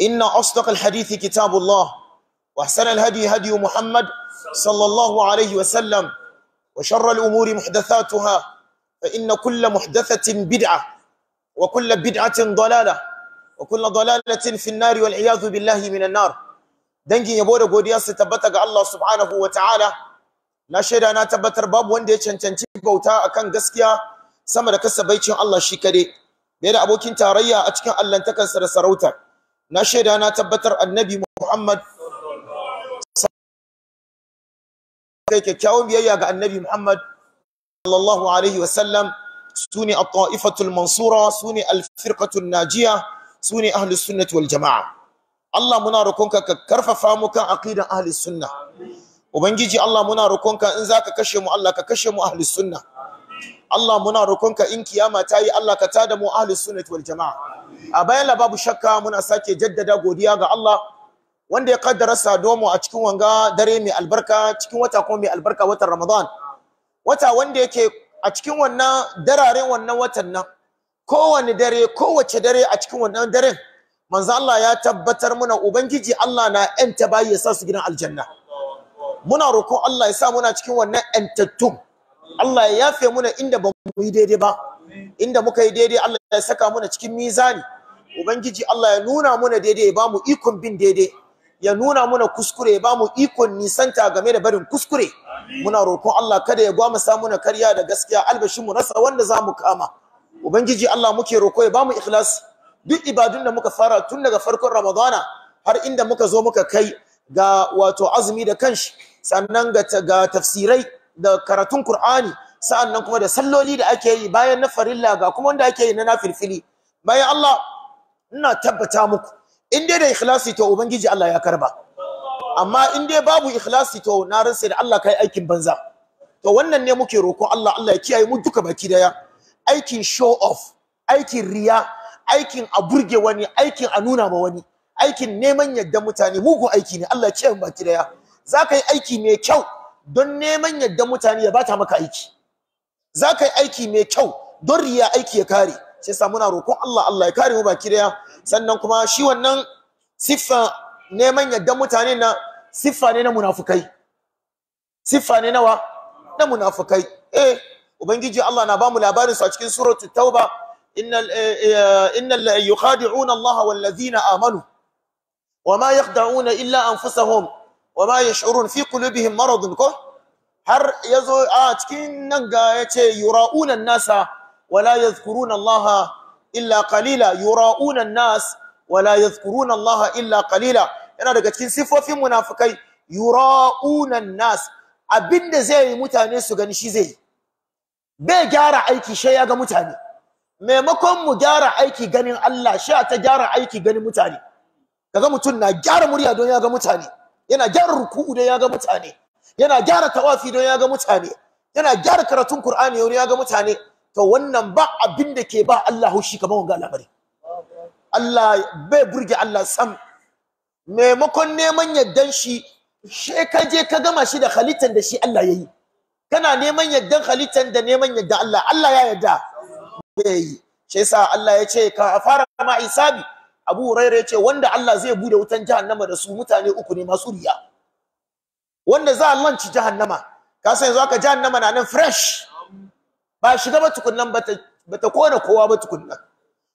إن أصدق الحديث كتاب الله وأحسن الهدي هدي محمد صلى الله عليه وسلم وشر الأمور محدثاتها فإن كل محدثة بدعة وكل بدعة ضلالة وكل ضلالة في النار والعياذ بالله من النار دنجي يبودا غوديا ستبتغ الله سبحانه وتعالى na shaida na tabbatar babu wanda ya cancanci bauta akan gaskiya sama da kasabaicin Allah shi kade bai da abokin tarayya a cikin allantakansa da sarauta na shaida na tabbatar annabi Muhammad kai kyakkyawan biyayya ga annabi Muhammad sallallahu alaihi wa sallam. su ne at-ta'ifatul mansura su ne al-firqatul najiya su ne ahlus sunnati wal jama'a Allah muna rokonka ka karfafa mu kan aqidan ahlus sunna ubangiji Allah muna rokonka in zaka kashe mu Allah ka kashe mu ahlus sunna Allah muna rokonka in kiyama ta yi. Allah ka tada mu ahlus sunnati wal jama'a a bayan la babu shakka muna sake jaddada godiya ga Allah wanda ya kaddara sadomu a cikin wanga dare mai albarka cikin wata kuma mai albarka watan Ramadan wata wanda yake a cikin wannan dararen wannan watan nan kowane dare kowace dare a cikin wannan daren manzo Allah ya tabbatar muna ubangiji Allah na yanta bayi ya sa su gidan aljanna muna roƙon Allah ya sa muna cikin wannan yantattu Allah ya yafe muna inda ba mu yi daidai ba inda muka yi daidai Allah ya saka muna cikin mizani ubangiji Allah ya nuna muna daidai ya bamu ikon bin daidai ya nuna muna kuskure ya bamu ikon nisanta game da barin kuskure muna roƙon Allah kada ya gwama samu na karya da gaskiya albashin mu rasa wanda zamu kama ubangiji Allah muke roƙo ya bamu ikhlas duk ibadun da muka fara tun daga farkon Ramadana har inda muka zo muka kai ga wato azumi da kanshi sannan ga ga tafsirai da karatun Qur'ani sa'annan kuma da salloli da ake yi bayan na farilla ga kuma wanda ake yi na nafilfili bayan Allah ina tabbata muku in dai da ikhlasi to ubangiji Allah ya karba amma in dai babu ikhlasi to na ransa da Allah kai aikin banza to wannan ne muke roƙo Allah Allah ya kiyaye mu duka baki daya aikin show off aikin riya aikin a burge wani aikin a nuna ma wani aikin neman yadda mutane mugu aiki ne Allah ya kiyaye mu baki daya zaka yi aiki mai kyau don neman yadda mutane ya bata maka aiki zaka yi aiki mai kyau don riya aiki ya kare Sai yasa muna roƙon Allah Allah ya kare mu baki daya sannan kuma shi wannan siffa neman yadda mutane na siffa ne na munafukai siffa ne nawa na munafukai eh ubangiji Allah na bamu labarin su a cikin suratul tauba innal eh, eh, innal yukhadi'una Allah wal ladina amanu wama yakhda'una illa anfusahum wama yash'urun fi qulubihim maradun ko har yazo a cikin nan ga yace yura'una nasa ولا يذكرون الله إلا قليلا يراؤون الناس ولا يذكرون الله إلا قليلا yana daga cikin sifofin munafukai yura'unan nas abinda zai yi mutane su gani shi zai bai gyara aiki shi ya ga mutane maimakon mu gyara aiki ganin Allah sha ta gyara aiki ganin mutane kaga mutum na gyara murya don ya ga mutane yana gyara ruku'u don ya ga mutane yana gyara tawafi don ya ga mutane yana gyara karatun Qur'ani don ya ga mutane to wannan ba abin da ke ba Allah haushi kamar wanga labari Allah bai burge Allah sam maimakon neman yaddan shi she ka je ka gama shi da halittar da shi Allah yayi kana neman yaddan halittar da neman yadda Allah Allah ya yadda bai shi yasa Allah ya ce ka fara ma isabi Abu Hurairah ya ce wanda Allah zai bude wutan jahannama da su mutane uku ne masu riya wanda za a lanci jahannama ka san yanzu aka jahannama na nan fresh ba shiga ba tukunnan ba ta kona kowa ba tukunnan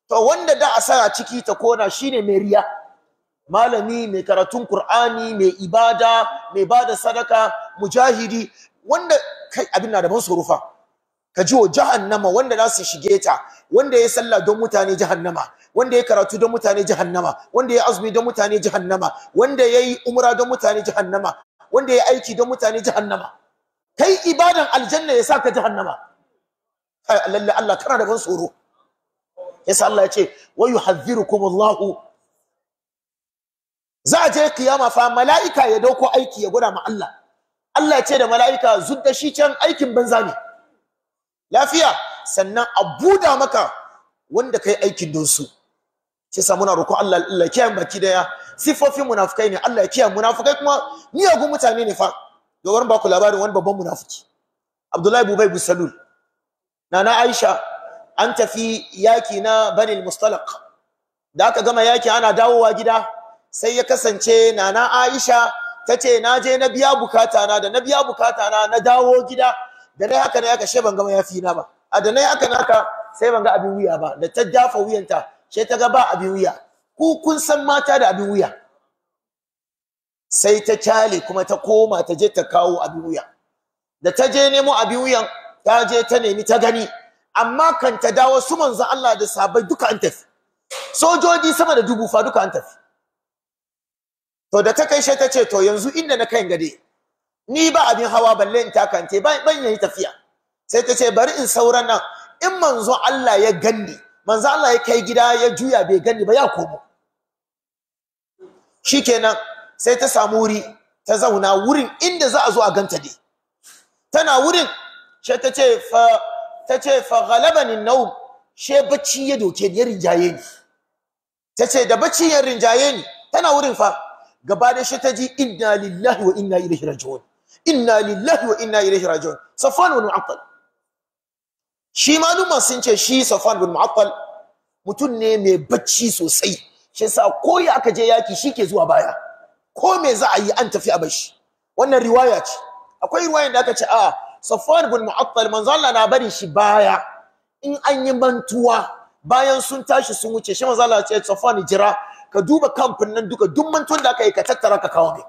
to wanda da a sa ciki ta kona shine mai riya malami mai karatun qur'ani mai ibada mai bada sadaka mujahidi wanda kai abin na da ban surufa ka jiwo jahannama wanda za su shige ta wanda ya sallah don mutane jahannama wanda ya karatu don mutane jahannama wanda ya azumi don mutane jahannama wanda ya yi umra don mutane jahannama wanda ya aiki don mutane jahannama kai ibadan aljanna ya sa ka jahannama kai lalle Allah kana da ban tsoro yasa Allah ya ce wa yuhadhdhirukum Allahu za a je kiyama fa mala'ika ya dauko aiki ya gwada ma Allah Allah ya ce da mala'ika zudda shi can aikin banza ne lafiya sannan a buda maka wanda kai aikin don su shi sa muna roƙo Allah Allah ya kiyaye baki daya sifofin munafikai ne Allah ya kiyaye munafikai kuma miyagun mutane ne fa dogarin ba ku labarin wani babban munafiki Abdullahi Bubai Busalul nana aisha an tafi yaki na banil mustalak da aka gama yaki ana dawowa gida sai ya kasance nana aisha ta ce na je na biya bukata na da na biya bukata na na dawo gida da na haka na haka she ban gama yafi na ba a da na haka na haka sai ban ga abin wuya ba da ta dafa wuyanta she ta ga ba abin wuya ku kun san mata da abin wuya sai ta kyale kuma ta koma ta je ta kawo abin wuya da ta je nemo abin wuyan ta je ta nemi ta gani amma kan ta dawo su manzon Allah da sabai duka an tafi sojoji sama da dubu fa duka an tafi to da ta kai shi ta ce to yanzu inda na kai gade ni ba abin hawa balle in takante ban yi tafiya sai ta ce bari in sauran nan in manzo Allah ya ganni manzo Allah ya kai gida ya juya bai ganni ba ya komo shikenan sai ta samu wuri ta zauna wurin inda za a zo a ganta dai tana wurin she ta ce fa ta ce fa ghalabani she bacci ya doke ni ya rinjaye ni ta ce da bacci ya rinjaye ni tana wurin fa gaba da shi ta ji inna lillahi wa inna ilaihi raji'un inna lillahi wa inna ilaihi raji'un safwan ibn mu'attal shi maluma sun ce shi safwan ibn mu'attal mutum ne mai bacci sosai shi sa ko ya aka je yaki shike zuwa baya ko me za a yi an tafi a bashi wannan riwaya ce akwai riwayar da aka ce aa Safwan ibn Mu'attal manzo Allah na bari shi baya in an yi mantuwa bayan sun tashi sun wuce shi manzo Allah ya ce Safwan jira ka duba kamfin nan duka duk mantuwan da aka yi ka tattara ka kawo mai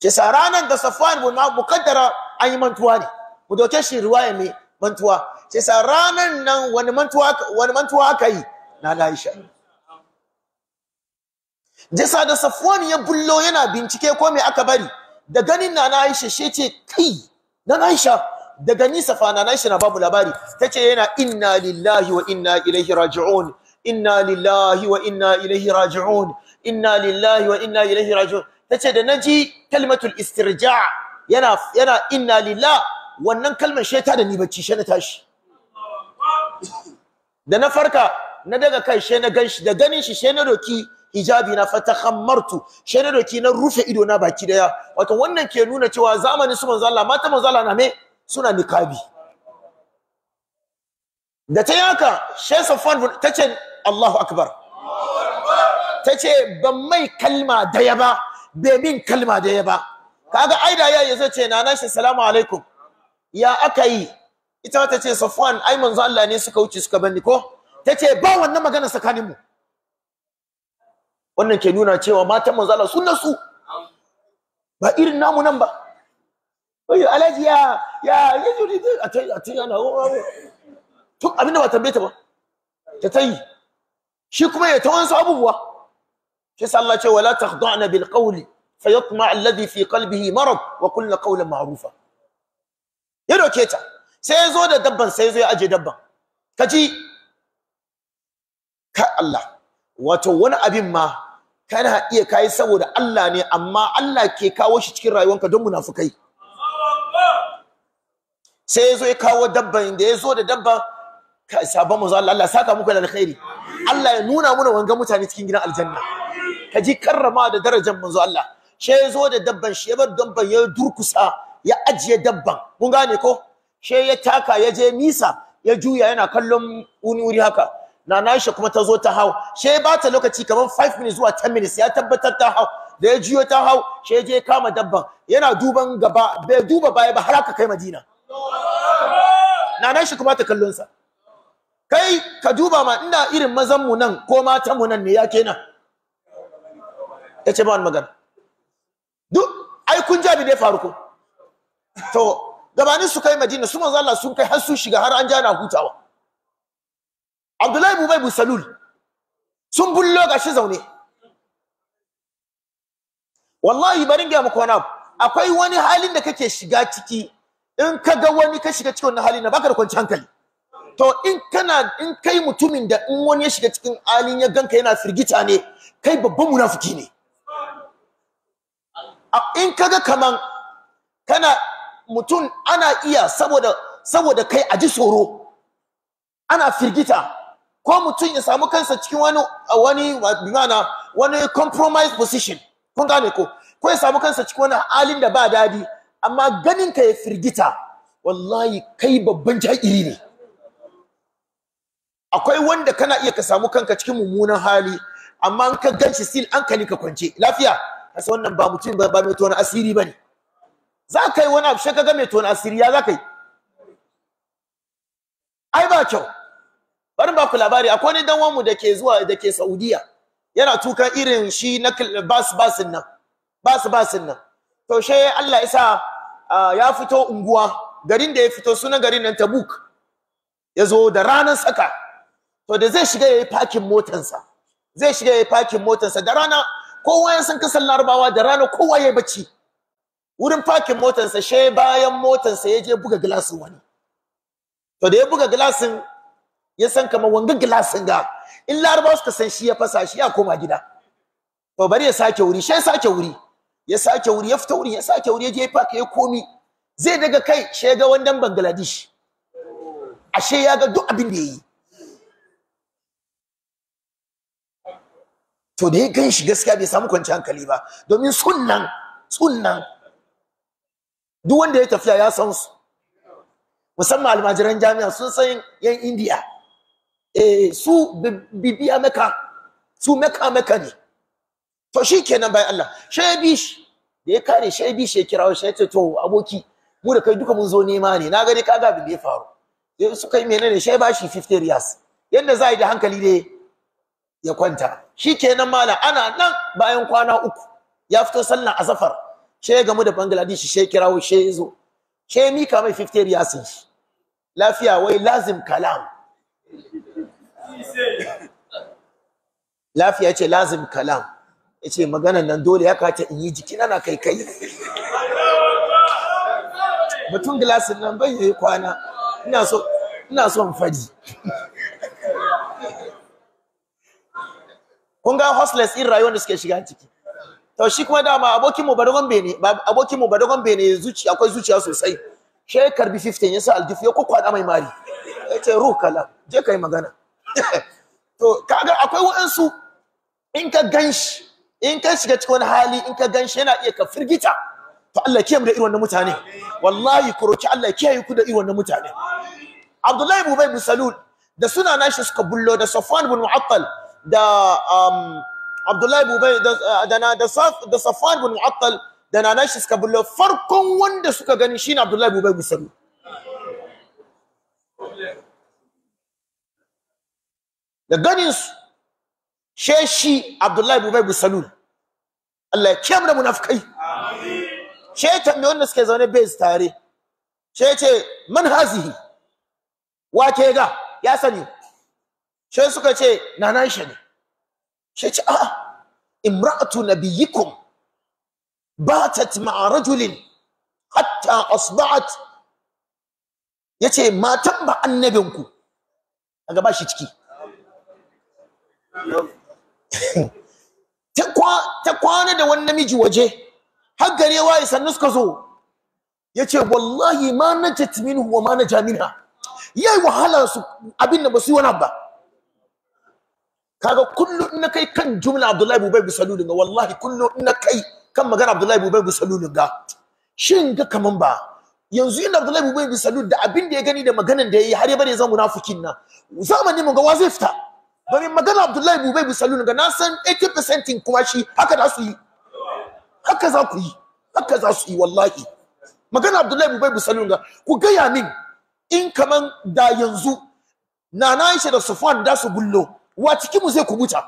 ke saranan ranar da Safwan ibn Mu'attal an yi mantuwa ne mu doke shi riwaya mai mantuwa ke saranan ranar nan wani mantuwa wani mantuwa aka yi na Aisha Jisa da Safwan ya bullo yana bincike ko me aka bari da ganin na Aisha she ce kai na Aisha da ganin fa na Aisha na babu labari tace yana inna lillahi wa inna ilaihi raji'un inna lillahi wa inna ilaihi raji'un inna lillahi wa inna ilaihi raji'un tace da naji kalmatul istirja' yana yana inna lillah wannan kalmar sheta da ni bacci she na tashi da na farka na daga kai she na ganshi da ganin shi she na doki hijabi na fatakhammartu shi na doki na rufe ido na baki daya wato wannan ke nuna cewa zamanin su manzo Allah mata manzo Allah na me suna nikabi da ta yaka Sheikh Safwan tace Allahu akbar tace ban mai kalma daya ba bai min kalma daya ba kaga aida ya zai ce nana shi salamu alaikum ya akai ita ta ce Safwan ai manzo Allah ne suka wuce suka bani ko tace ba wannan magana tsakanin mu wannan ke nuna cewa matan manzo Allah sun nasu ba irin namu nan ba oyo alaji ya ya yaji a tai a tai ana to abin da ba tambaye ta ba ta tai shi kuma ya ta wansu abubuwa shi sa Allah ce wala takhda'na bil qawli fayatma alladhi fi qalbihi marad wa qulna qawlan ma'rufa ya doke ta sai ya zo da dabban sai ya zo ya aje dabban kaji ka Allah wato wani abin ma kana iya kai saboda Allah ne amma Allah ke kawo shi cikin rayuwanka don munafukai sai yazo ya kawo dabban da yazo da dabba sabon manzo Allah Allah saka muku da alkhairi Allah ya nuna mana wanga mutane cikin gidan aljanna ka ji karrama da darajar manzo Allah she yazo da dabban shi ya bar dabban ya durkusa ya ajiye dabban kun gane ko she ya taka ya je nisa ya juya yana kallon wuri haka na nashi kuma ta zo ta hau she ba ta lokaci kaman 5 minutes zuwa 10 minutes ya tabbatar ta hau da ya jiyo ta hau she je kama dabban yana duban gaba bai duba baya ba har aka kai Madina na nashi kuma ta kallon sa kai ka duba ma ina irin mazan mu nan ko matan mu nan ne ya kenan yace ba wani magana duk ai kun jabi dai faru ko to gabanin su kai Madina su manzo Allah sun kai har su shiga har an ja na hutawa abdullahi bubai busalul sun bullo gashi zaune wallahi barin gaya muku wani akwai wani halin da kake shiga ciki in ka ga wani ka shiga cikin wani halin na baka da kwanci hankali to in kana in kai mutumin da in wani ya shiga cikin halin ya ganka yana firgita ne kai babban munafiki ne in kaga kaman kana mutum ana iya saboda saboda kai a ji tsoro ana firgita ko mutum ya samu kansa cikin wani wani bimana wani compromise position kun gane ko ko ya samu kansa cikin wani halin da ba dadi amma ganin ka ya firgita wallahi kai babban jahiri ne akwai wanda kana iya ka samu kanka cikin mummunan hali amma an ka ganshi sil an ka nika kwance lafiya kasa wannan ba mutum ba mai tona asiri bane za ka yi wani abu shi ka ga mai tona asiri ya za ka yi ai ba kyau bari ba ku labari akwai wani danwan mu ke zuwa dake Saudiya yana tuka irin shi na bas basin nan bas basin nan to she Allah isa ya fito unguwa garin da ya fito sunan garin nan Tabuk ya zo da ranar tsaka to da zai shiga yayi parking motansa zai shiga yayi parking motansa da rana kowa ya san kasan Larabawa da rana kowa yayi bacci wurin parking motansa she bayan motansa ya je buga glasin wani to da ya buga glassin ya san kamar wanga gilasin ga in laraba suka san shi ya fasa shi ya koma gida to bari ya sake wuri shi ya sake wuri ya sake wuri ya fita wuri ya sake wuri ya je park ya komi zai daga kai shi ya ga wandan Bangladesh ashe ya ga duk abin da yayi to da ya gan shi gaskiya bai samu kwanci hankali ba domin sunnan sunnan duk wanda ya tafiya ya san su musamman almajiran jami'a sun san yan indiya Eh, su bibiya maka su maka maka ne to shi kenan bai Allah shebi da ya kare shebi shi ya kirawo shi ce to aboki mu da kai duka mun zo nema ne na gani kaga abin da ya faru sai suka menene shi ba shi 50 riyas yanda za a yi da hankali ne ya kwanta shi kenan malam ana nan bayan kwana uku ya fito sallan azafar shi ya gamu da bangladesh shi kirawo shi ya zo shi mika mai 50 riyas lafiya wai lazim kalam lafiya ce lazim kalam ya ce maganan nan dole ya kata in yi jiki na kai kai Mutum gilasin nan ban yi kwana ina so ina son faji kun ga hostless in rayuwar da suke shiga ciki to shi kuma dama abokin mu badagon bene badagon bene zuci akwai zuciya sosai shi karbi 15 sa aljifu ya kwakwada mai mari Ya ce ruh kala je ka yi magana to kaga akwai waɗansu in ka ganshi in ka shiga cikin wani hali in ka ganshi yana iya ka firgita to Allah kiyaye mu da irin wannan mutane wallahi ku roki Allah kiyaye ku da irin wannan mutane Abdullahi bubai Ubay Salul da suna nashi suka bullo da Safwan ibn Mu'attal da um, Abdullahi ibn da uh, da da, Saf, da Safwan ibn Mu'attal da na nashi suka bullo farkon wanda suka gani shine Abdullahi bubai Ubay Salul da ganinsu. su she shi Abdullahi Bubai bin Salul Allah ya kiyam da munafikai amin she tambaye wanda suke zaune base tare she ce man hazihi wa ke ga ya sani she suka ce nana shi ne she ce a'a imra'atu nabiyikum batat ma'a rajulin hatta asba'at yace matan ba annabinku a gaba shi ciki ta kwana da wani namiji waje har gare waye sannu suka zo ya ce wallahi ma na jatimin wa ma na jamina ya yi wahala su abin da ba su yi wani ba kaga kullum in na kai kan jumla abdullahi bubai bisalulun ga wallahi kullum in na kai kan magana abdullahi bubai bisalulun ga shin ga kaman ba yanzu yin Abdullahi bu Salul da abin da ya gani da maganan da ya yi har ya bari zan munafikin nan zamanin mu ga wa zai fita bari magana abdullahi bubai busalu ga na san 80% in kuma shi haka za su yi haka za ku yi haka za su yi wallahi magana abdullahi bubai busalu ga ku gaya min in kaman da yanzu nana yi da sufan da su bullo wa mu zai kubuta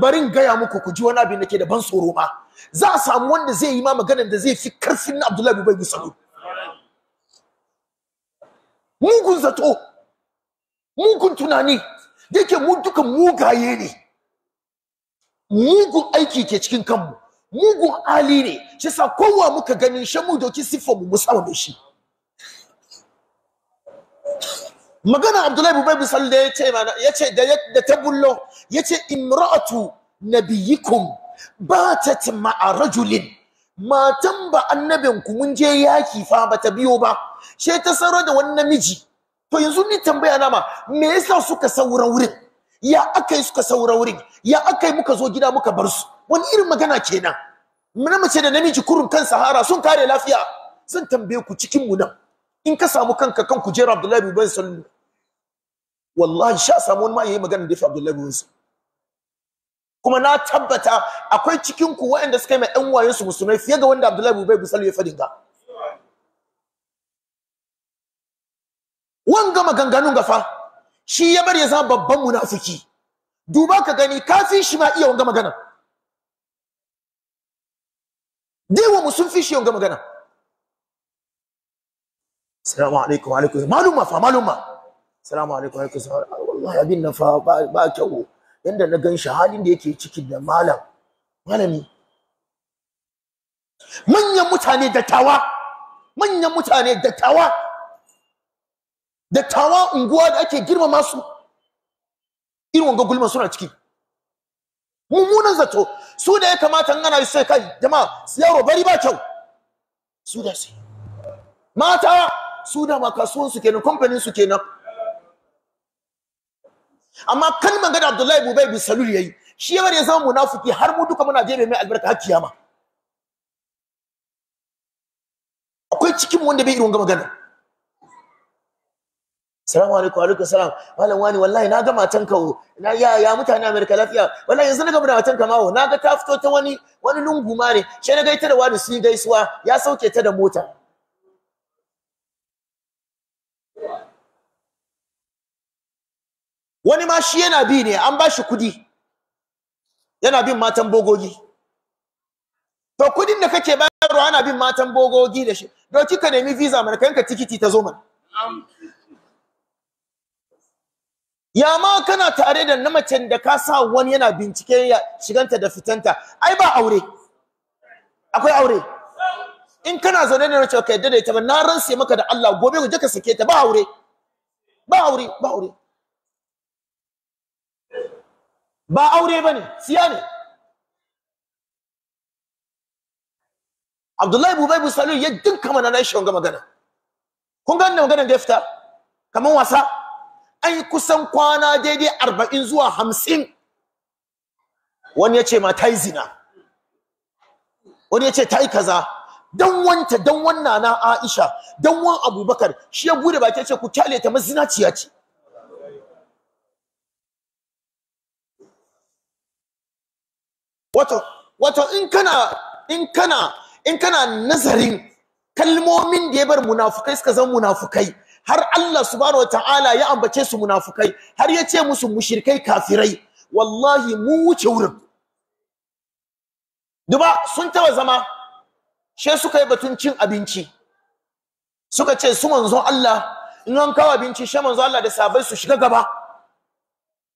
bari in gaya muku ku ji wani abin da ke da ban tsoro ma za a samu wanda zai yi ma magana da zai fi karfin na abdullahi bubai busalu mugun zato mugun tunani yake mu duka mugaye ne mugun aiki ke cikin kanmu mugun hali ne shi sa kowa muka ganin shan mu doki siffar mu musawa da shi magana abdullahi bin bai da ya ce mana ya ce da ta bullo ya ce imra'atu nabiyikum batat ma'a rajulin matan ba annabinku mun je yaki fa ba ta biyo ba sai ta sarar da wani namiji to yanzu ni tambaya na ma me yasa suka saura wurin ya akai suka saura wurin ya akai muka zo gida muka bar su wani irin magana kenan na mace da namiji kurun kan sahara sun kare lafiya zan tambaye ku cikin mu nan in ka samu kanka kan kujera Abdullahi bin Ubay sallu wallahi sha samu wani ma yayi magana da Abdullahi bin Ubay kuma na tabbata akwai cikin ku waɗanda suka yi mai ɗan wayansu musulmai fiye ga wanda Abdullahi bin Ubay ya fadin ga wanga maganganun gafa shi ya bar ya zama babban munafiki duba ka gani kafin shi ma iya wanga magana dewa mu sun fi shi wanga magana assalamu alaikum wa alaikum maluma fa maluma assalamu alaikum alaikum wallahi abin nan fa ba kyau yanda na gan shi halin da yake ciki da malam malami manyan mutane dattawa manyan mutane dattawa tawa unguwa da ake girmama su irin wanga gulma suna ciki mummunan zato su da ya kamata in ana sai kai jama'a yaro bari ba kyau su da sai mata su da ma kasuwan su kenan kamfanin su kenan amma kalman gada Abdullahi Bubai bin Salul yayi shi yawar ya zama munafiki har mu duka muna jebe mai albarka har kiyama akwai cikin wanda bai irin wanga magana salamu alaikum alaikum salam malam wani wallahi na ga matan ka o na ya ya mutane America lafiya wallahi yanzu na ga matan ka ma na ga ta fito ta wani wani lungu ma ne sai na gaita da wani sun gaisuwa ya sauke ta da mota wani ma shi yana bi ne an ba shi kudi yana bin matan bogogi to kudin da kake bayarwa ana bin matan bogogi da shi don kika nemi visa mana kanka tikiti ta zo mana ya ma kana tare da namacin da ka sa wani yana binciken ya shiganta da fitanta ai ba aure akwai aure in kana zaune da mace ka yadda da ita ba na ransa maka da Allah gobe ku je ka sake ta ba aure ba aure ba aure ba aure bane siya ne Abdullahi Bubai Busalu ya dinka mana na shi magana kun ga wannan magana da ya fita kaman wasa an yi kusan kwana daidai arba'in zuwa hamsin wani ya ce ma ta zina wani ya ce ta yi kaza dan wanta dan wannan na Aisha dan wan Abubakar shi ya bude baki ce ku kyale ta mazinaciya ce wato wato in kana in kana in kana nazarin kalmomin da ya bar munafukai suka zama munafukai har Allah subhanahu wataala ya ambace su munafukai har ya ce musu mushrikai kafirai wallahi mu wuce wurin duba sun taba zama she suka yi batun cin abinci suka ce su manzon Allah in an kawo abinci she manzon Allah da sabai su shiga gaba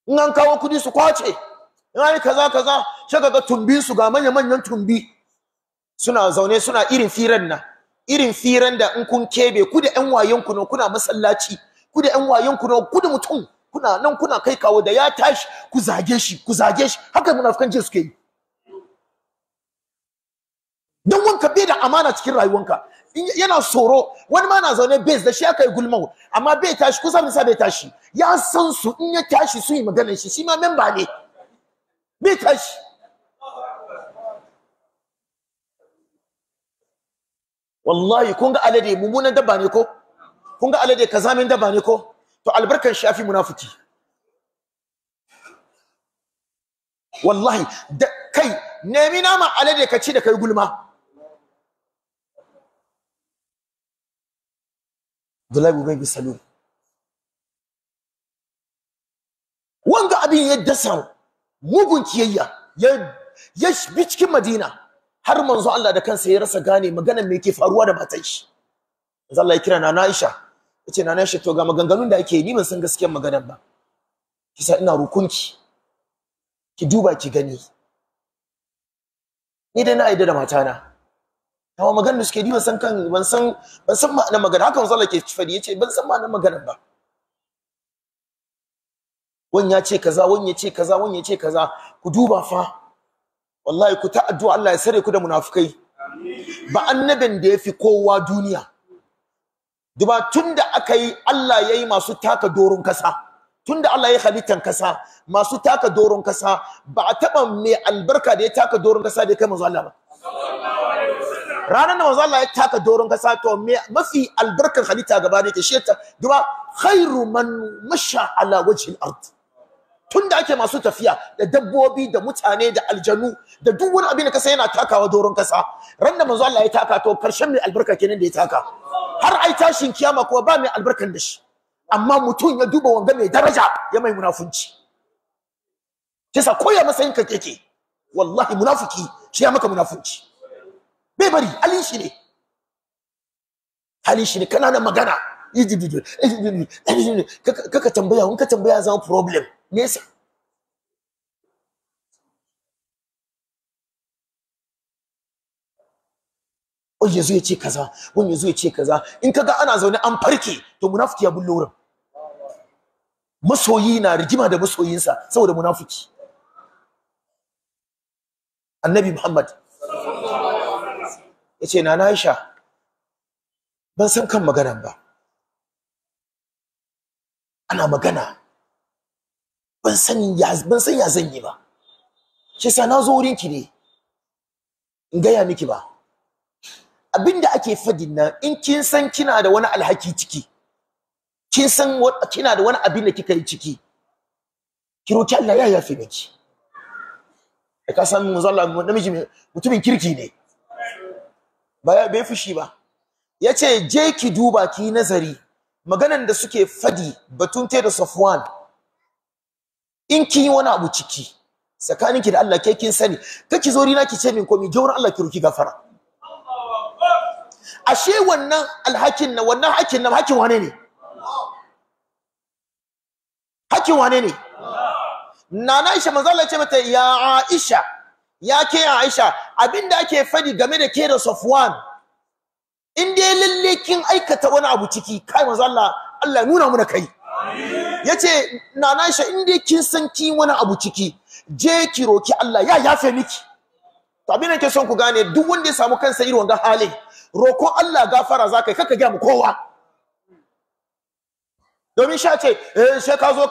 in an kawo kudi su kwace in an kaza kaza she ga tumbin su ga manya manyan tumbi suna zaune suna irin firan nan irin firan da in kun kebe ku da ƴan wayonku ne kuna masallaci ku da ƴan wayonku ne ku da mutum kuna nan kuna kai kawo da ya tashi ku zage shi ku zage shi haka munafikan je suke yi dan wanka bai da amana cikin rayuwanka yana tsoro wani ma na zaune base da shi aka yi gulmau amma bai tashi kusa nisa bai tashi ya san su in ya tashi su yi maganar shi shi ma memba ne bai tashi wallahi kun ga alade mummunan dabba ne ko kun ga alade kazamin dabba ne ko to albarkan shafi munafiki wallahi da kai nemi nama alade ka ci da kai gulma Abdullahi bin Ubayy Salul wanga abin ya dasa mugun kiyayya ya ya bi cikin Madina har manzo Allah da kansa ya rasa gane maganar me yake faruwa da matan shi manzo Allah ya kira nana Aisha yace nana Aisha to ga maganganun da ake ni ban san gaskiyar maganar ba kisa ina rukunki ki duba ki gani ni dai na aida da matana amma maganar da suke ni ban san kan ban san ban san ma'anar maganar. haka manzo Allah ke fadi yace ban san ma'anar maganar ba wani ya ce kaza wani ya ce kaza wani ya ce kaza ku duba fa wallahi ku ta addu'a Allah ya sare ku da munafukai ba annabin da ya fi kowa duniya duba tunda aka yi Allah ya yi masu taka doron kasa tunda Allah ya halittan kasa masu taka doron kasa ba a taɓa mai albarka da ya taka doron kasa da ya kai manzo Allah ba ranar da manzo Allah ya taka doron kasa to mafi albarkar halitta gaba da yake shi ta duba khairu man masha ala wajhil ard tun da ake masu tafiya da dabbobi da mutane da aljanu da duk wani abin da kasa yana takawa doron kasa ran da manzo Allah ya taka to karshen mai albarka kenan da ya taka har ai tashin kiyama kuwa ba mai albarkan da shi amma mutum ya duba wanga mai daraja ya mai munafunci kisa koya matsayin ka keke. wallahi munafiki shi ya maka munafunci bai bari halin shi ne halin shi ne kana magana kaka tambaya in ka tambaya zama problem Nesa. Oh, wani ya zo ya ce kaza wani ya zo ya ce kaza in kaga ana zaune an farke to munafiki ya bullo wurin masoyi na rigima da masoyinsa saboda munafiki annabi muhammad ya ce na aisha ban san kan maganan ba ana magana ban san ya ban san ya zan yi ba shi yasa na zo wurin ki ne in gaya miki ba abinda ake fadin nan in kin san kina da wani alhaki ciki kin san kina da wani abin da kika yi ciki ki roki Allah ya yafe miki ka san manzo Allah namiji mutumin kirki ne ba ya bai fushi ba yace je ki duba ki nazari maganan da suke fadi batun te da Safwan in kin yi wani abu ciki tsakaninki da Allah ke kin sani kake zo rina ki ce min komi jawar Allah ki ruki gafara ashe wannan alhakin na wannan hakin na hakin wane ne hakin wane ne nana Aisha manzo Allah ya ce mata ya Aisha ya ke Aisha abinda ake fadi game da ke da Safwan in dai lalle kin aikata wani abu ciki kai manzo Allah Allah nuna mu kai yace nana shi in dai kin san ki wani abu ciki je ki roki Allah ya yafe miki to abin da son ku gane duk wanda ya samu kansa irin wannan halin roko Allah gafara zakai kaka ga mu kowa domin sha ce eh sai ka zo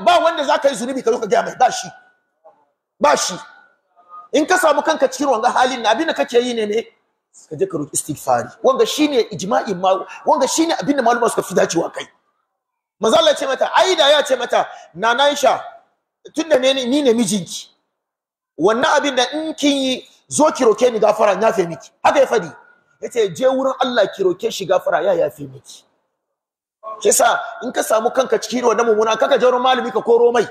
ba wanda zakai yi zunubi ka zo ka ga mai ba shi ba shi in ka samu kanka cikin wanga halin na da kake yi ne ne ka je ka roki istighfari wanga shine ijma'i ma wanga shine abin da maluma suka fi dacewa kai Mazalla ce mata Aida ya ce mata nana Aisha tunda ne ni ne mijinki wannan abin da in kin yi zo ki roke ni gafara na fe miki haka ya fadi yace je wurin Allah ki roke shi gafara ya fe miki kisa in ka samu kanka cikin wannan mumuna kaka je wurin malami ka koro mai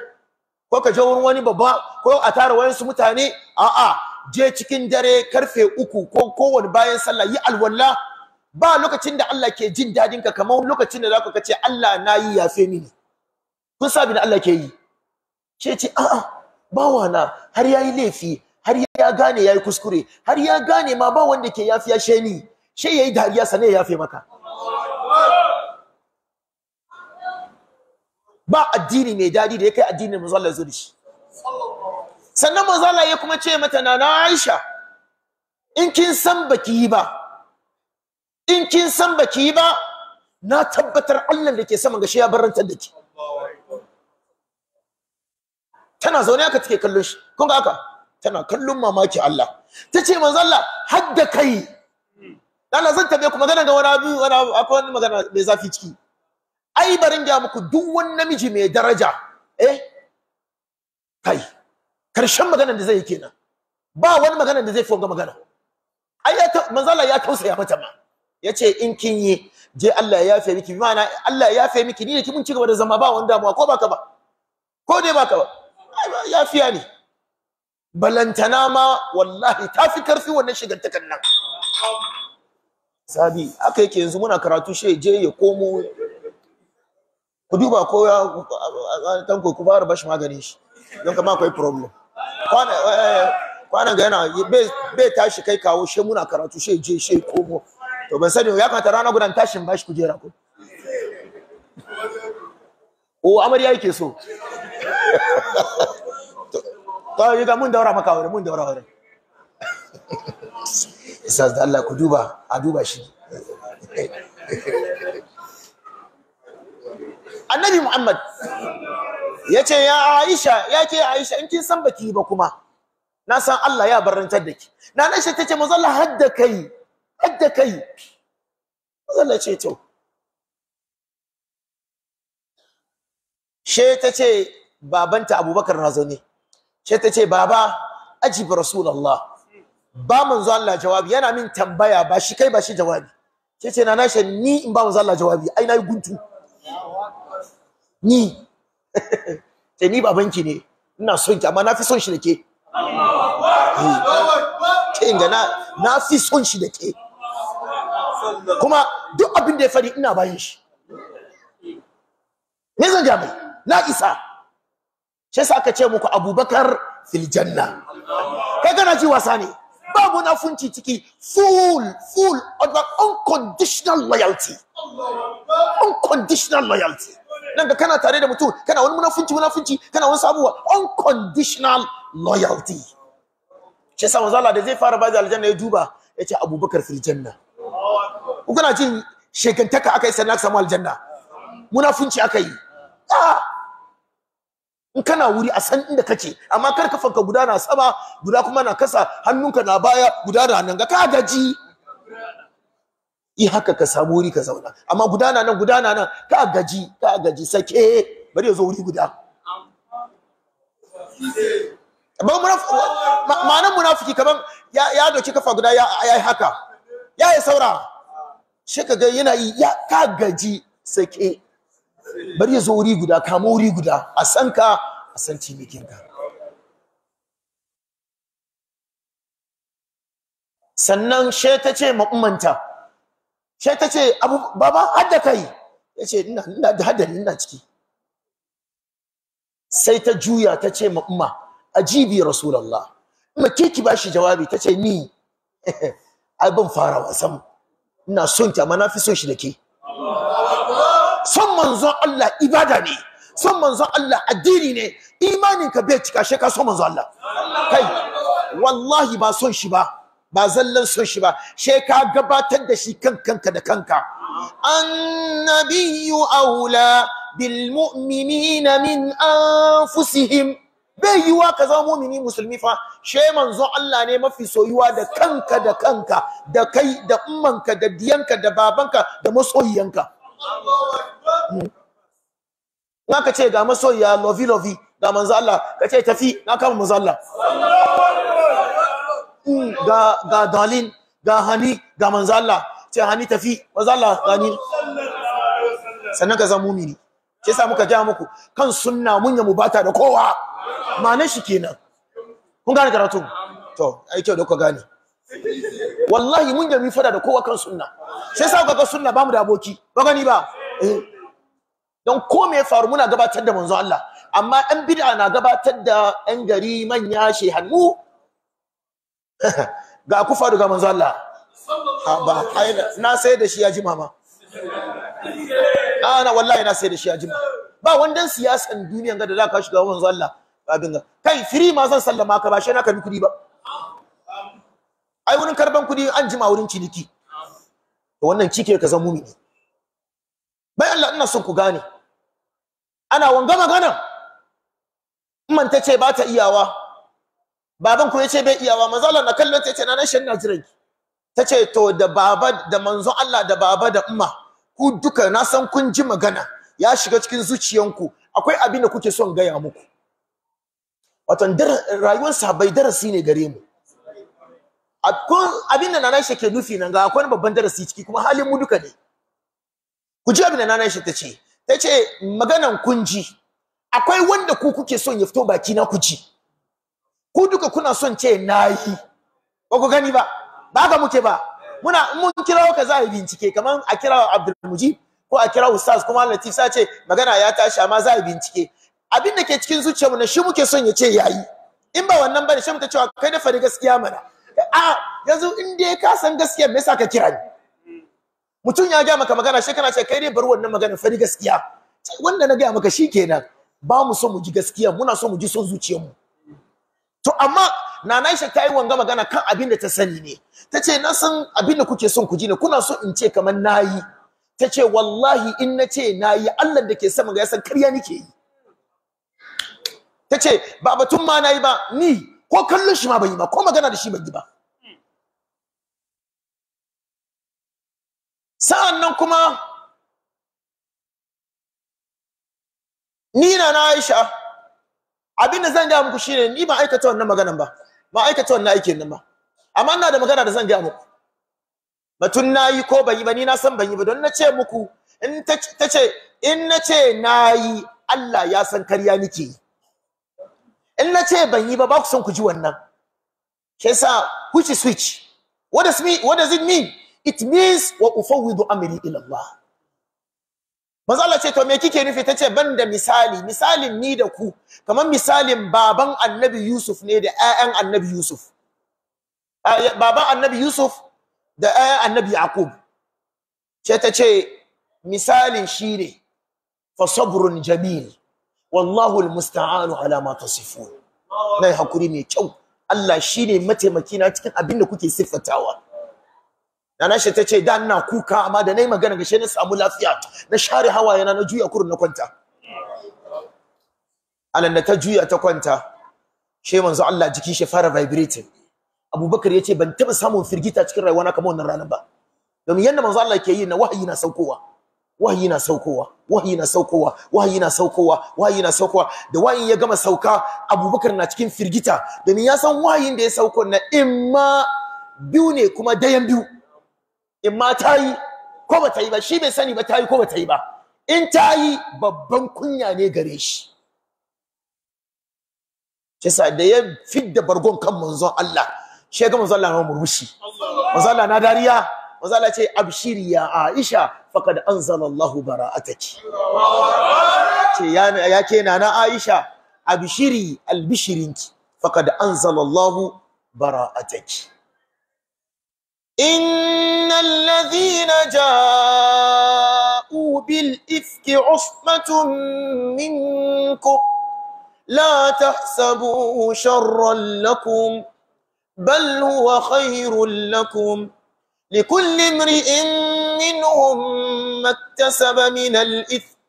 ko ka je wurin wani babba ko a tare tara su mutane a'a je cikin dare karfe uku ko kowane bayan sallah yi alwala ba lokacin da Allah ke jin dadin ka kamar lokacin da zaka kace Allah nayi yafe mini kun sabi da Allah ke yi ce ce a'a bawa na har yayi laifi har ya gane yayi kuskure har ya gane ma ba wanda ke yafiya she ni she yayi dariya sane ya yafe maka ba addini mai dadi da ya kai addinin manzo Allah sannan manzo Allah ya kuma ce mata na Aisha in kin san baki ba in kin san baki yi ba na tabbatar Allah da ke sama shi ya barantar da ki tana zaune haka take kallon shi kun ga haka tana kallon mamaki Allah tace manzo Allah hadda kai Allah zan tabe ku magana ga wani abu wani akwai wani magana mai zafi ciki ai barin ga muku duk wani namiji mai daraja eh kai karshen magana da zai yi kenan ba wani magana da zai fi wanga magana ai manzo Allah ya tausaya mata ma yace in kin yi je Allah ya yafe miki bi ma'ana Allah ya yafe miki ni da ki mun ci gaba da zama ba wani damuwa ko baka ba ko dai baka ba yafiya ne balantana ma wallahi ta fi karfi wannan shigantakan nan sabi aka yake yanzu muna karatu shi je ya komo ku duba ko ya tanko ku fara bashi maganin shi don kama akwai problem kwana eh, eh, ga yana bai tashi kai kawo shi muna karatu shi je shi komo to ban sani ya kamata rana gudan tashin bashi kujera ko o oh, amarya yake so to yi ga mun daura maka wuri mun daura wuri isa da Allah ku duba a duba shi annabi Muhammad ya ce ya Aisha ya ke Aisha in kin san baki ba kuma na san Allah ya barantar da ki na nan ta tace manzo Allah hadda kai hadda kai Allah ce to she ta ce babanta Abubakar na zaune she ta ce baba ajib rasulullah ba manzo Allah jawabi yana min tambaya ba shi kai ba shi jawabi she ce na nashe ni in ba manzo Allah jawabi ai nayi guntu ni ce ni babanki ne ina son ki amma na fi son shi da ke Allahu Akbar eh. Allahu Akbar na fi son shi da ke kuma duk abin da ya fari ina bayan shi me zan ja mai na isa sai sa aka ce muku abubakar fil janna kai kana ji wasa ne na funci ciki full full of unconditional loyalty unconditional loyalty nan da kana tare da mutum kana wani munafunci munafunci kana wani sabuwa unconditional loyalty sai sa manzo Allah da zai fara ba aljanna ya duba yace abubakar fil janna ku kana jin shekantaka aka yi sannan aka samu aljanna munafunci aka yi ah! in kana wuri a san inda kake amma kar kafanka guda na sama guda kuma na kasa hannunka na baya guda na nan ga ka gaji yi haka ka samu wuri ka zauna amma guda na nan guda na nan ka gaji ka gaji sake bari ya zo wuri guda ma'anar munafiki kaman ya doki kafa guda ya yi haka ya yi saura shi ka ga yana yi ya ka gaji sake bari ya zo wuri guda kama wuri guda a san ka a san cimikin sannan shi ta ce ma'ummanta shi ta ce abu baba hadda kai ya ce ina da hadari ina ciki sai ta juya ta ce ma'umma ajibi ma ke ki bashi jawabi ta ce ni ai ban wasan ina son ki amma na fi son shi da ke son manzon Allah ibada ne son manzon Allah addini ne imanin ka bai cika sheka son manzon Allah kai wallahi ba son shi ba ba zallan son shi ba sheka gabatar da shi kan kanka da kanka annabiyyu aula bil mu'minina min anfusihim bai yiwa ka zama mumini musulmi fa she manzo Allah ne mafi soyuwa da kanka da kanka da kai da ummanka da diyanka da babanka da masoyiyanka na ka ce ga masoyiya lovi lovi ga manzo Allah ka ce tafi na kama manzo Allah mm, ga ga dalin ga hani ga manzo Allah ce hani tafi manzo Allah gani sannan ka zama mumini sai sa muka ja muku kan sunna mun ya mubata da kowa ma'anar shi kenan kun gane karatu to ai kyau da kuka gane wallahi mun gami fada da kowa kan sunna sai sa ga sunna bamu da aboki ba gani ba eh. don ko me ya faru muna gabatar da manzo Allah amma ɗan bid'a na gabatar da ɗan gari manya shehannu ga ku faru ga manzo Allah ba na sai da shi ya jima ma ana ah, wallahi na sai da shi ya jima ba wanda siyasan duniyan ga da za ka shiga manzo Allah abin kai free ma zan sallama ka ba shi na karbi kudi ba ai wurin karban kudi an jima wurin ciniki to wannan cike ka zan mumini bai Allah ina son ku gane ana wanga magana man ta ce ba ta iyawa baban ku yace bai iyawa mazalan na kallon ta ce na nashin na jiran ta ce to da baba da manzon Allah da baba da umma ku duka na san kun ji magana ya shiga cikin zuciyanku akwai abin da kuke son gaya muku watan rayuwar bai darasi ne gare mu abin da nanashi ke nufi nan ga akwai babban darasi ciki kuma halin mu duka ne ku ji abin da ta ce ta ce maganan ji. akwai wanda ku kuke son ya fito baki na ku ji ku duka kuna son ce nayi ba ku gani ba ba ga muke ba muna mun kira ka za a bincike kamar a kira Abdul Mujib ko a kira Ustaz kuma Latif sace ce magana ya tashi amma za a bincike abin da ke cikin zuciyarmu na shi muke son ya ce yayi in ba wannan bane shi mu cewa kai da fari gaskiya mana a yanzu in dai ka san gaskiya me yasa ka kira ni mutum ya ga maka magana shi kana ce kai dai bar wannan magana fari gaskiya wanda na ga maka shikenan ba mu so mu ji gaskiya muna so mu ji son zuciyarmu to amma na Aisha ta yi wanga magana kan abin da ta sani ne. Ta ce, na san abin da kuke son ku ji ne, kuna so in ce kamar nayi yi. Ta ce, wallahi in na ce na Allah da ke sama ga ya san karya nake yi. Tace ba batun ma na ba ni ko kallon shi ma ban yi ba ko magana da shi ban yi ba sa'an nan kuma ni na aisha abin da zan gaya muku shine ni ba aikata wannan maganan ba ba aikata wannan aikin nan ba amma ina da magana da zan gaya muku batun na yi ko ban yi ba ni na san ban yi ba don na ce muku in ta in na ce na yi Allah ya san karya nake yi in na ce ban yi ba ba ku son ku ji wannan Ke sa which is which what does me what does it mean it means wa ufawwidu amri ila Allah manzo Allah ce to me kike nufi tace ban da misali misalin ni da ku kamar misalin baban annabi Yusuf ne da ƴaƴan annabi Yusuf baban annabi Yusuf da ƴaƴan annabi Yaqub ce tace misalin shi ne fa sabrun jamil wallahu almusta'anu ala ma tasifun nai hakuri mai kyau Allah shine mataimaki na cikin abin da kuke siffatawa Nana shi tace da ina kuka amma da nayi magana gashe na samu lafiya na share hawaye na na juya kurun na kwanta alan da ta juya ta kwanta she manzo Allah jiki shi fara vibrating Abubakar yace ban taba samun firgita cikin rayuwa na kamar wannan ranar ba domin yanda manzo Allah ke yi na wahayi na saukowa wahayi na saukowa wahayi na saukowa wahayi na saukowa wahayi na saukowa da wahayin ya gama sauka abubakar na cikin firgita domin ya san wahayin da ya sauko na imma biyu ne kuma dayan biyu imma ta yi ko ba ta yi ba shi bai sani ba ta yi ko ba ta yi ba in ta yi babban kunya ne gare shi Kisa da ya fidda bargon kan manzon Allah shi ya ga manzon Allah na murmushi manzon Allah na dariya manzon Allah ce abshiri ya Aisha faqad anzalallahu bara'atiki ce ya yake nana Aisha abshiri albishirinki faqad anzalallahu bara'atiki innal ladhina ja'u bil ifki usmatun minku, la tahsabu sharran lakum bal wa khairul lakum لكل امرئ منهم ما اكتسب من الإثم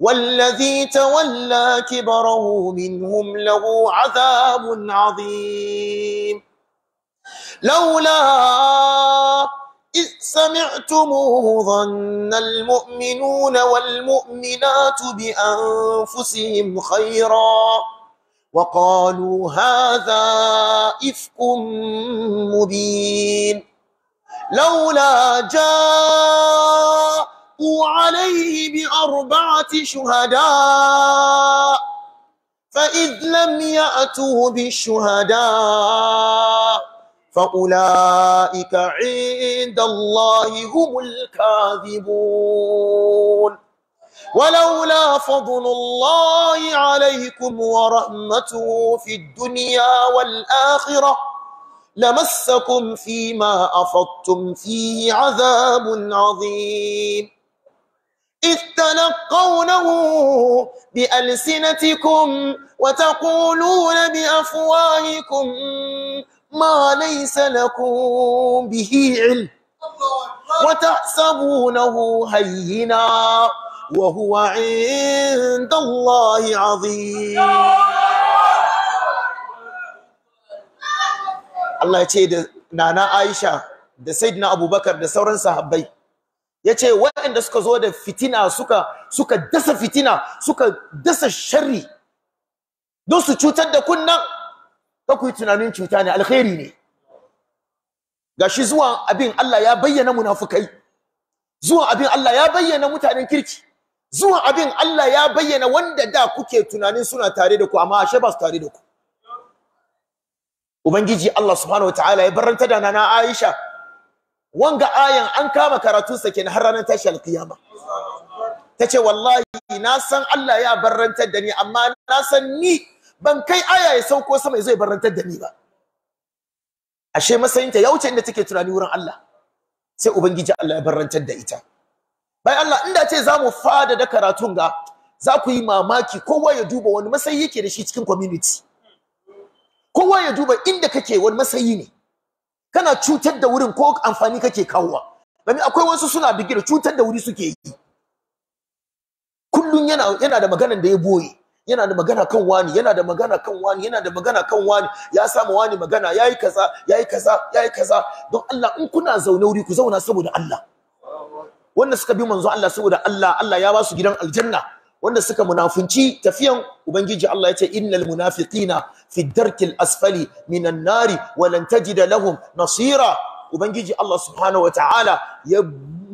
والذي تولى كبره منهم له عذاب عظيم لولا إذ سمعتموه ظن المؤمنون والمؤمنات بأنفسهم خيرا وقالوا هذا إفك مبين لولا جاءوا عليه بأربعة شهداء فإذ لم يأتوا بالشهداء فأولئك عند الله هم الكاذبون ولولا فضل الله عليكم ورحمته في الدنيا والآخرة لمسكم فيما أفضتم فيه عذاب عظيم إذ تلقونه بألسنتكم وتقولون بأفواهكم ما ليس لكم به علم وتحسبونه هينا وهو عند الله عظيم Allah ya ce da nana Aisha da Sayyidina Abubakar da sauran sahabbai ce waɗanda suka zo da fitina suka suka dasa fitina suka dasa sharri don su cutar da kunnan ka ku tunanin cuta ne alkhairi ne gashi zuwa abin Allah ya bayyana munafukai zuwa abin Allah ya bayyana mutanen kirki zuwa abin Allah ya bayyana wanda da kuke tunanin suna tare da ku amma ashe ba su tare da ku ubangiji Allah subhanahu wataala ya baranta da nana Aisha wanga ayan an kama karatu sa kenan har ranar tashi alqiyama tace wallahi na san Allah ya barantar da ni amma na san ni ban kai aya ya sauko sama zai baranta da ni ba ashe masayinta ya wuce inda take tunani wurin Allah sai ubangiji Allah ya baranta da ita bai Allah inda ce zamu fada da karatun ga za ku yi mamaki kowa ya duba wani masayi yake da shi cikin community kowa ya duba inda kake wani masayi ne kana cutar da wurin ko amfani kake kawowa domin akwai wasu suna bigira cutar da wuri suke yi kullun yana yana da maganan da ya boye yana da magana kan wani yana da magana kan wani yana da magana kan wani ya samu wani magana yayi kaza yayi kaza yayi kaza don Allah in kuna zaune wuri ku zauna saboda Allah wanda suka bi manzo Allah saboda Allah Allah ya ba su gidan aljanna wanda suka munafunci tafiyan ubangiji Allah yace innal munafiqina fi darkil asfali minan nari walan tajida lahum nasira ubangiji Allah subhanahu wa ta'ala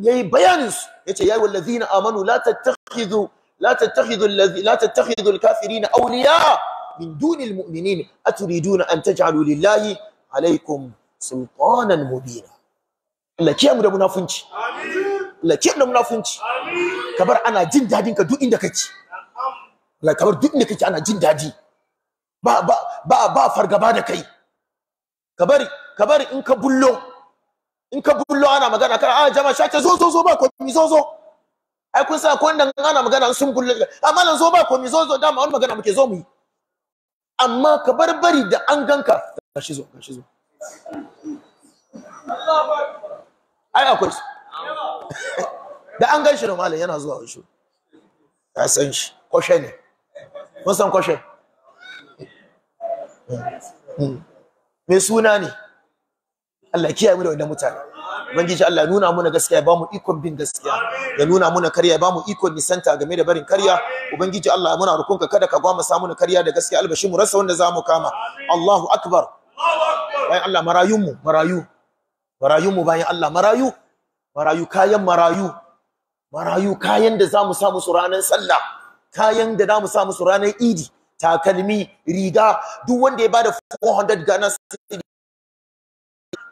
yayi bayanin su yace ya wallazina amanu la tattakhidhu la tattakhidhu la tattakhidhu alkafirina awliya min dunil mu'minin aturiduna an taj'alu lillahi alaykum sultanan mubina Allah kiyamu da munafunci amin Allah kiyamu da munafunci amin kabar ana jin dadin ka duk inda kake Allah kabar duk inda kake ana jin dadi ba ba ba ba fargaba da kai kabari kabar in ka bullo in ka bullo ana magana kar a ah, jama'a shake zo zo zo ba ko mi zo zo ai kun sa ko nan ana magana sun bullo ah, amma nan zo ba ko mi zo zo dama wani magana muke zo mu yi amma ka bar bari da an ganka gashi zo gashi zo ai akwai da an gan shi da malam yana zuwa wasu ya san shi kwashe ne mun san kwashe mai hmm. suna ne Allah kiya mu da wannan mutane ubangiji Allah nuna muna gaskiya ba mu ikon bin gaskiya ya nuna muna kariya ba mu ikon nisanta game da barin kariya. ubangiji Allah muna rukunka kada ka gwama samu na kariya da gaskiya albashi mu rasa wanda zamu kama Allahu akbar bayan Allah marayun mu marayu marayun mu bayan Allah marayu marayu kayan marayu marayu kayan da za mu sa musu ranar sallah kayan da za mu sa musu ranar idi takalmi riga duk wanda ya bada 400 Ghana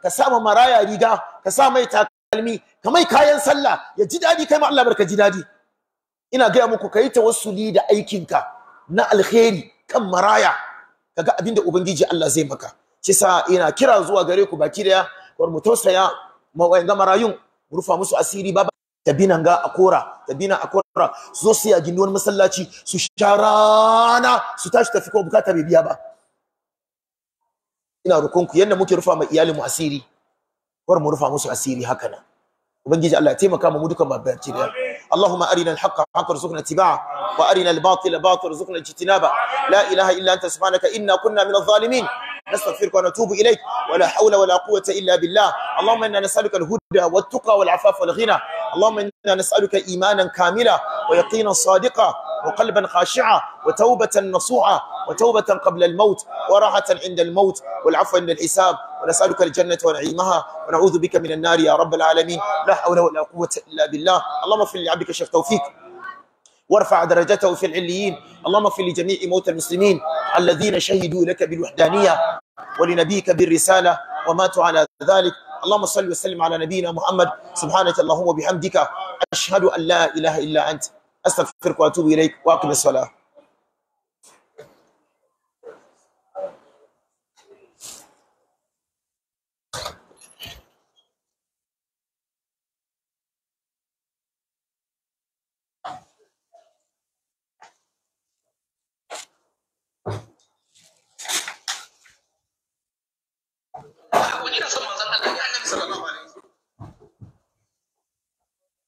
ka sama maraya riga ka sama mai takalmi ka mai kayan sallah ya ji dadi kai ma Allah barka ji dadi ina gaya muku kai tawassuli da aikin ka na alkhairi kan maraya kaga abinda ubangiji Allah zai maka shi sa ina kira zuwa gare ku baki daya war mu tausaya ma wayan marayun rufa musu asiri baba ta binan ga akora ta binan akora su zo su a wani masallaci su sha su tashi tafi ko bukata bai biya ba ina rukunku yadda muke rufa ma iyalinmu asiri war mu rufa musu asiri haka nan ubangiji Allah ya taimaka mu dukan babbar ciriya Allahumma arina al-haqqa haqqan warzuqna ittiba'a wa arina al-batila batilan warzuqna ijtinaba la ilaha illa anta subhanaka inna kunna minadh-dhalimin نستغفرك ونتوب إليك ولا حول ولا قوة إلا بالله اللهم إنا نسألك الهدى والتقى والعفاف والغنى اللهم إنا نسألك إيمانا كاملا ويقينا صادقا وقلبا خاشعا وتوبة نصوعه وتوبة قبل الموت وراحة عند الموت والعفو عند الحساب ونسألك الجنة ونعيمها ونعوذ بك من النار يا رب العالمين لا حول ولا قوة إلا بالله اللهم اغفر لعبدك الشيخ توفيق وارفع درجته في العليين اللهم اغفر لجميع موتى المسلمين الذين شهدوا لك بالوحدانية ولنبيك بالرسالة وماتوا على ذلك اللهم صل وسلم على نبينا محمد سبحانك اللهم وبحمدك أشهد أن لا إله إلا أنت أستغفرك وأتوب إليك وأقم الصلاة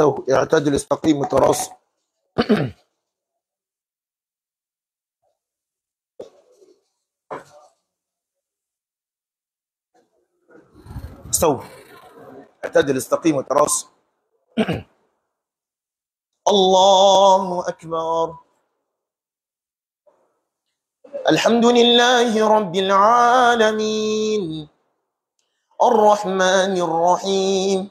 استو... اعتدل استقيم وتراص استو اعتدل استقيم وتراص الله أكبر الحمد لله رب العالمين الرحمن الرحيم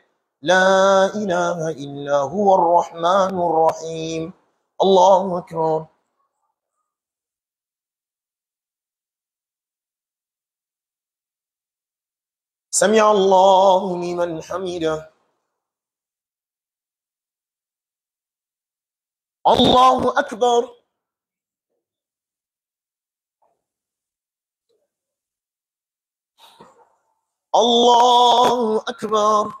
لا إله إلا هو الرحمن الرحيم الله أكبر سمع الله لمن حمده الله أكبر الله أكبر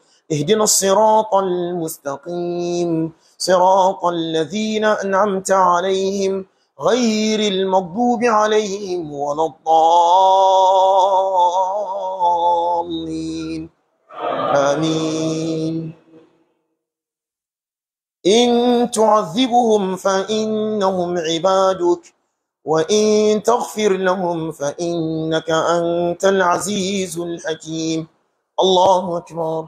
اهدنا الصراط المستقيم صراط الذين أنعمت عليهم غير المغضوب عليهم ولا الضالين آمين إن تعذبهم فإنهم عبادك وإن تغفر لهم فإنك أنت العزيز الحكيم الله أكبر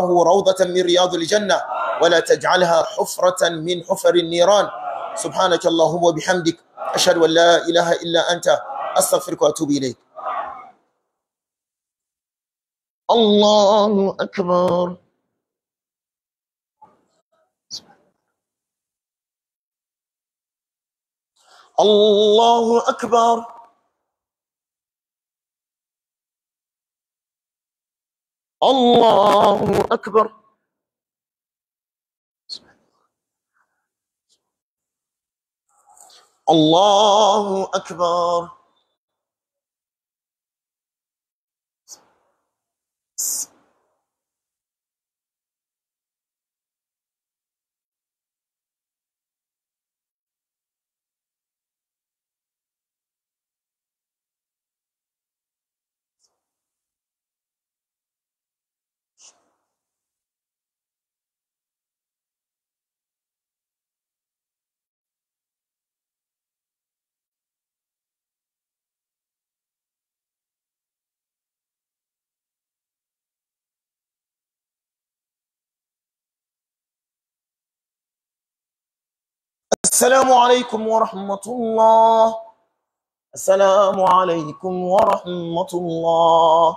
روضة من رياض الجنة ولا تجعلها حفرة من حفر النيران سبحانك اللهم وبحمدك أشهد أن لا إله إلا أنت أستغفرك وأتوب إليك الله أكبر الله أكبر الله أكبر الله أكبر السلام عليكم ورحمة الله السلام عليكم ورحمة الله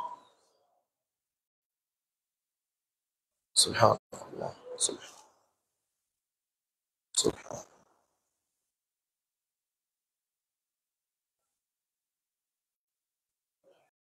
سبحان الله سبحان الله سبحان الله